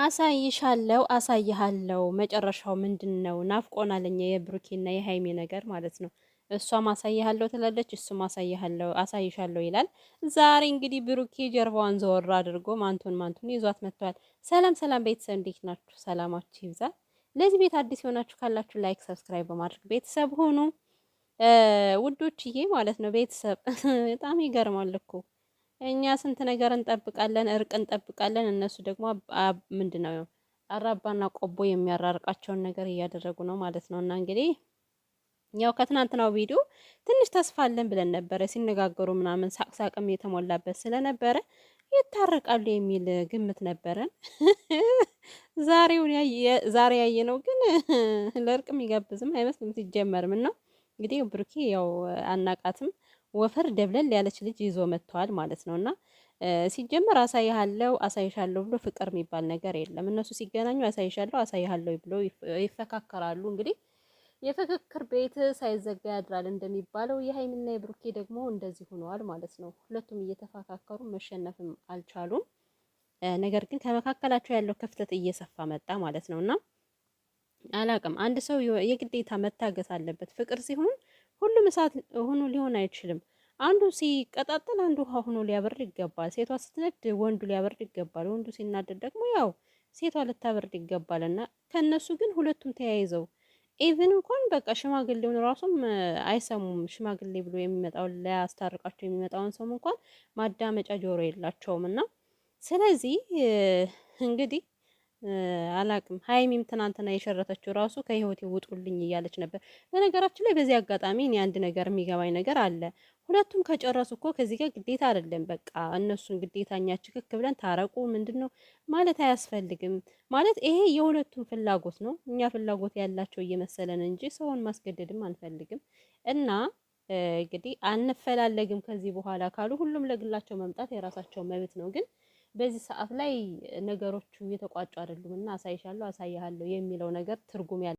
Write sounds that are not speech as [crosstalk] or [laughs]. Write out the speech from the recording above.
አሳይሻለው አሳይሃለው መጨረሻው ምንድን ነው? ናፍቆናል እኛ የብሩኬና የሀይሜ ነገር ማለት ነው። እሷም አሳይሃለሁ ትላለች፣ እሱም አሳይሃለሁ አሳይሻለሁ ይላል። ዛሬ እንግዲህ ብሩኬ ጀርባዋን ዘወር አድርጎ ማንቱን ማንቱን ይዟት መጥቷል። ሰላም ሰላም ቤተሰብ እንዴት ናችሁ? ሰላማችሁ ይብዛል። ለዚህ ቤት አዲስ የሆናችሁ ካላችሁ ላይክ፣ ሰብስክራይብ በማድረግ ቤተሰብ ሁኑ ውዶችዬ ማለት ነው። ቤተሰብ [laughs] በጣም ይገርማል እኮ እኛ ስንት ነገር እንጠብቃለን፣ እርቅ እንጠብቃለን። እነሱ ደግሞ ምንድን ነው አራባና ቆቦ የሚያራርቃቸውን ነገር እያደረጉ ነው ማለት ነው። እና እንግዲህ ያው ከትናንትናው ቪዲዮ ትንሽ ተስፋ አለን ብለን ነበረ። ሲነጋገሩ ምናምን ሳቅሳቅም የተሞላበት ስለነበረ ይታረቃሉ የሚል ግምት ነበረን። [laughs] ዛሬ ያየ ነው ግን ለእርቅ የሚጋብዝም አይመስልም ሲጀመርም ነው እንግዲህ ብሩኬ ያው አናቃትም ወፈር ደብለል ያለች ልጅ ይዞ መጥተዋል ማለት ነው እና ሲጀመር አሳይሃለው አሳይሻለሁ ብሎ ፍቅር የሚባል ነገር የለም። እነሱ ሲገናኙ አሳይሻለሁ አሳይሃለሁ ብሎ ይፈካከራሉ። እንግዲህ የፍክክር ቤት ሳይዘጋ ያድራል እንደሚባለው የሀይሚና የብሩኬ ደግሞ እንደዚህ ሆነዋል ማለት ነው። ሁለቱም እየተፈካከሩ መሸነፍም አልቻሉም። ነገር ግን ከመካከላቸው ያለው ክፍተት እየሰፋ መጣ ማለት ነው እና አላቅም አንድ ሰው የግዴታ መታገስ አለበት ፍቅር ሲሆን ሁሉም እሳት ሆኖ ሊሆን አይችልም። አንዱ ሲቀጣጠል አንዱ ውሃ ሆኖ ሊያበርድ ይገባል። ሴቷ ስትነድ ወንዱ ሊያበርድ ይገባል። ወንዱ ሲናደድ ደግሞ ያው ሴቷ ልታበርድ ይገባል። እና ከእነሱ ግን ሁለቱም ተያይዘው ኢቭን እንኳን በቃ ሽማግሌውን ራሱም አይሰሙም። ሽማግሌ ብሎ የሚመጣውን ሊያስታርቃቸው የሚመጣውን ሰው እንኳን ማዳመጫ ጆሮ የላቸውም እና ስለዚህ እንግዲህ አላቅም ሀይሚም ትናንትና የሸረተችው ራሱ ከህይወቴ ውጡልኝ እያለች ነበር። በነገራችን ላይ በዚህ አጋጣሚ እኔ አንድ ነገር የሚገባኝ ነገር አለ። ሁለቱም ከጨረሱ እኮ ከዚህ ጋር ግዴታ አይደለም። በቃ እነሱን ግዴታ እኛ ችክክ ብለን ታረቁ ምንድን ነው ማለት አያስፈልግም። ማለት ይሄ የሁለቱም ፍላጎት ነው። እኛ ፍላጎት ያላቸው እየመሰለን እንጂ ሰውን ማስገደድም አንፈልግም። እና እንግዲህ አንፈላለግም ከዚህ በኋላ ካሉ ሁሉም ለግላቸው መምጣት የራሳቸው መብት ነው ግን በዚህ ሰዓት ላይ ነገሮቹ እየተቋጩ አይደሉም እና አሳይሻለሁ፣ አሳይሃለሁ የሚለው ነገር ትርጉም ያለ